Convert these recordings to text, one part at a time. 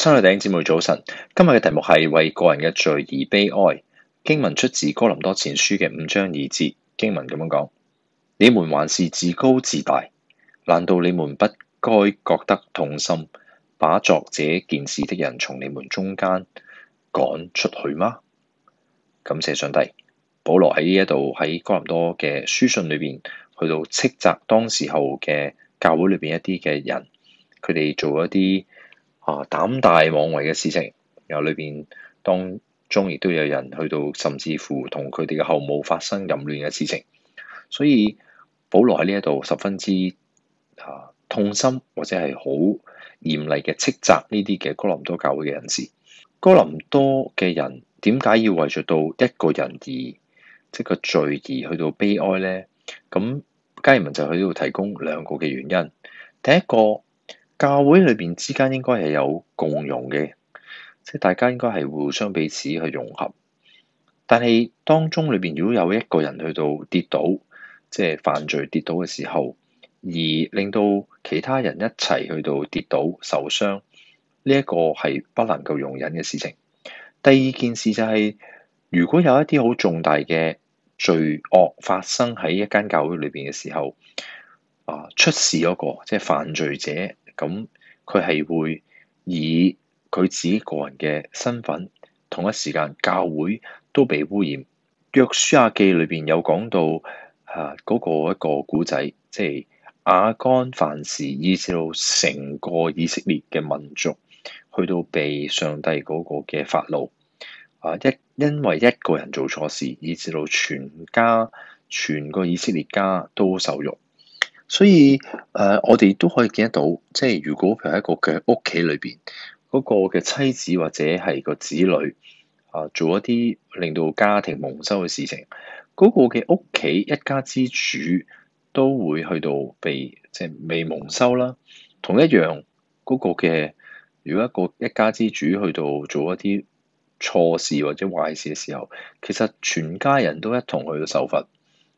親愛的弟兄姊妹早晨，今日嘅題目係為個人嘅罪而悲哀。經文出自哥林多前書嘅五章二節，經文咁樣講：你們還是自高自大，難道你們不該覺得痛心，把作這件事的人從你們中間趕出去嗎？感謝上帝，保羅喺呢一度喺哥林多嘅書信裏邊，去到斥責當時候嘅教會裏邊一啲嘅人，佢哋做一啲。啊！膽大妄為嘅事情，然後裏邊當中亦都有人去到，甚至乎同佢哋嘅後母發生淫亂嘅事情。所以保羅喺呢一度十分之啊痛心，或者係好嚴厲嘅斥責呢啲嘅哥林多教會嘅人士。哥林多嘅人點解要為著到一個人而即個罪而去到悲哀咧？咁加爾文就喺度提供兩個嘅原因。第一個。教會裏邊之間應該係有共融嘅，即係大家應該係互相彼此去融合。但係當中裏邊如果有一個人去到跌倒，即係犯罪跌倒嘅時候，而令到其他人一齊去到跌倒受傷，呢、這、一個係不能夠容忍嘅事情。第二件事就係、是，如果有一啲好重大嘅罪惡發生喺一間教會裏邊嘅時候，啊出事嗰、那個即係犯罪者。咁佢係會以佢自己個人嘅身份，同一時間教會都被污染。約書亞記裏邊有講到嚇嗰、啊嗰個一個古仔，即係亞干犯事，以至到成個以色列嘅民族去到被上帝嗰個嘅法老啊一因為一個人做錯事，以至到全家、全個以色列家都受辱。所以，誒、呃，我哋都可以見得到，即係如果佢喺一個嘅屋企裏邊，嗰、那個嘅妻子或者係個子女，啊，做一啲令到家庭蒙羞嘅事情，嗰、那個嘅屋企一家之主都會去到被即係、就是、未蒙羞啦。同一樣，嗰、那個嘅如果一個一家之主去到做一啲錯事或者壞事嘅時候，其實全家人都一同去到受罰。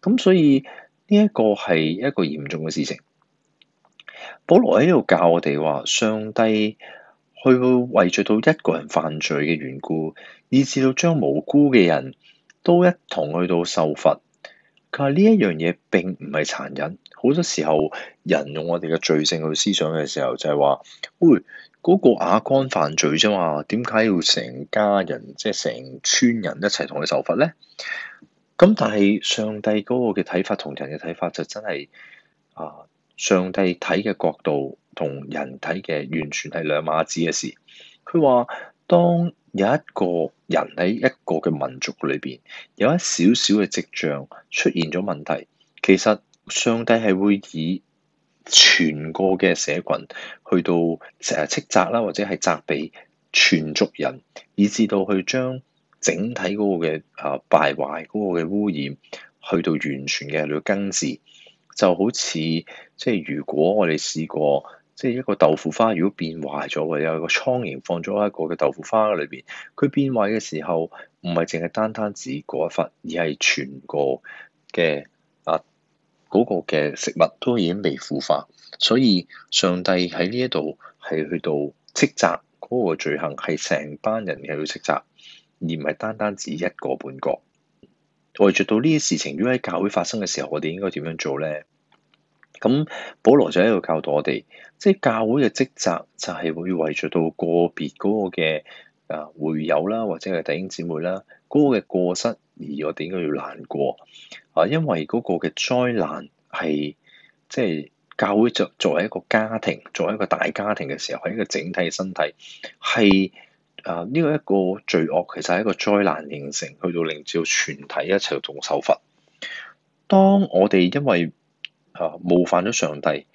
咁所以。呢一個係一個嚴重嘅事情。保羅喺度教我哋話，上帝去到為著到一個人犯罪嘅緣故，以至到將無辜嘅人都一同去到受罰。佢話呢一樣嘢並唔係殘忍。好多時候，人用我哋嘅罪性去思想嘅時候，就係話，喂，嗰個亞干犯罪啫嘛，點解要成家人即係成村人一齊同佢受罰咧？咁但係上帝嗰個嘅睇法同人嘅睇法就真係啊，上帝睇嘅角度同人睇嘅完全係兩碼子嘅事。佢話當有一個人喺一個嘅民族裏邊有一少少嘅跡象出現咗問題，其實上帝係會以全個嘅社群去到誒斥責啦，或者係責備全族人，以至到去將。整體嗰個嘅啊敗壞嗰個嘅污染，去到完全嘅嚟到根治，就好似即係如果我哋試過即係一個豆腐花，如果變壞咗喎，有個蒼蠅放咗喺一個嘅豆腐花裏邊，佢變壞嘅時候，唔係淨係單單止嗰一忽，而係全個嘅啊嗰個嘅食物都已經被腐化，所以上帝喺呢一度係去到斥責嗰個罪行係成班人嘅去斥責。而唔係單單只一個半個，為著到呢啲事情如果喺教會發生嘅時候，我哋應該點樣做咧？咁，保羅就喺度教導我哋，即係教會嘅職責就係會圍着到個別嗰個嘅啊會友啦，或者係弟兄姊妹啦，嗰個嘅過失，而我哋應該要難過啊，因為嗰個嘅災難係即係教會作作為一個家庭，作為一個大家庭嘅時候，係一個整體嘅身體係。啊！呢個一個罪惡其實係一個災難形成，去到令至全體一齊同受罰。當我哋因為啊冒犯咗上帝，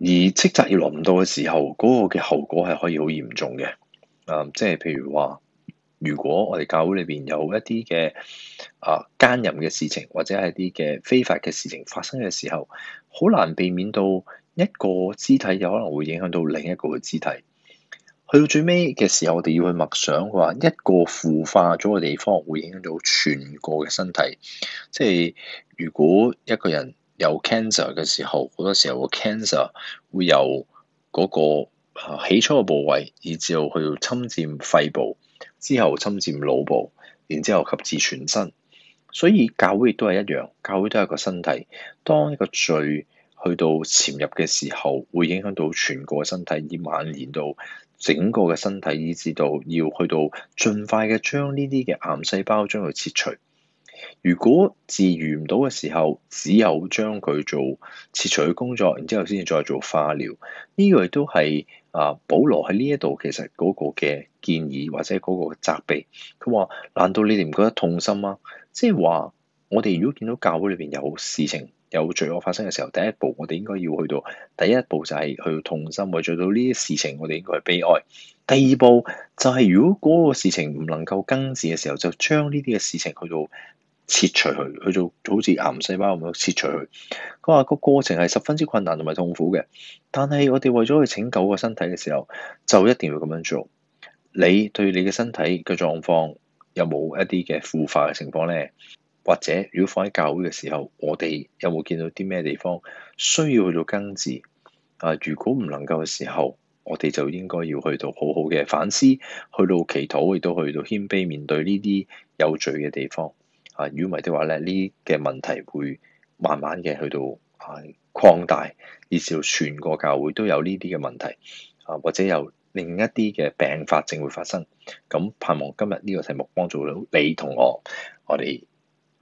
而職責要落唔到嘅時候，嗰個嘅後果係可以好嚴重嘅。啊，即係譬如話，如果我哋教會裏邊有一啲嘅啊奸淫嘅事情，或者係啲嘅非法嘅事情發生嘅時候，好難避免到一個肢體有可能會影響到另一個嘅肢體。去到最尾嘅時候，我哋要去默想，佢話一個腐化咗嘅地方會影響到全個嘅身體。即係如果一個人有 cancer 嘅時候，好多時候個 cancer 會由嗰個起初嘅部位，以至去到侵佔肺部，之後侵佔腦部，然之後及至全身。所以教會亦都係一樣，教會都係一個身體。當一個罪去到潛入嘅時候，會影響到全個身體，而蔓延到。整個嘅身體以至到要去到盡快嘅將呢啲嘅癌細胞將佢切除。如果治愈唔到嘅時候，只有將佢做切除嘅工作，然之後先至再做化療。呢個亦都係啊，保羅喺呢一度其實嗰個嘅建議或者嗰個責備，佢話：難道你哋唔覺得痛心嗎？即係話。我哋如果見到教會裏邊有事情有罪惡發生嘅時候，第一步我哋應該要去到第一步就係去痛心，為做到呢啲事情我哋應該係悲哀。第二步就係如果嗰個事情唔能夠根治嘅時候，就將呢啲嘅事情去到切除佢，去到好似癌細胞咁樣切除佢。佢話個過程係十分之困難同埋痛苦嘅，但係我哋為咗去拯救個身體嘅時候，就一定要咁樣做。你對你嘅身體嘅狀況有冇一啲嘅腐化嘅情況咧？或者如果放喺教會嘅時候，我哋有冇見到啲咩地方需要去到根治？啊，如果唔能夠嘅時候，我哋就應該要去到好好嘅反思，去到祈禱，亦都去到謙卑面對呢啲有罪嘅地方。啊，如果唔係的話咧，呢嘅問題會慢慢嘅去到啊擴大，以致到全個教會都有呢啲嘅問題。啊，或者有另一啲嘅病發症會發生。咁盼望今日呢個題目幫到你同我，我哋。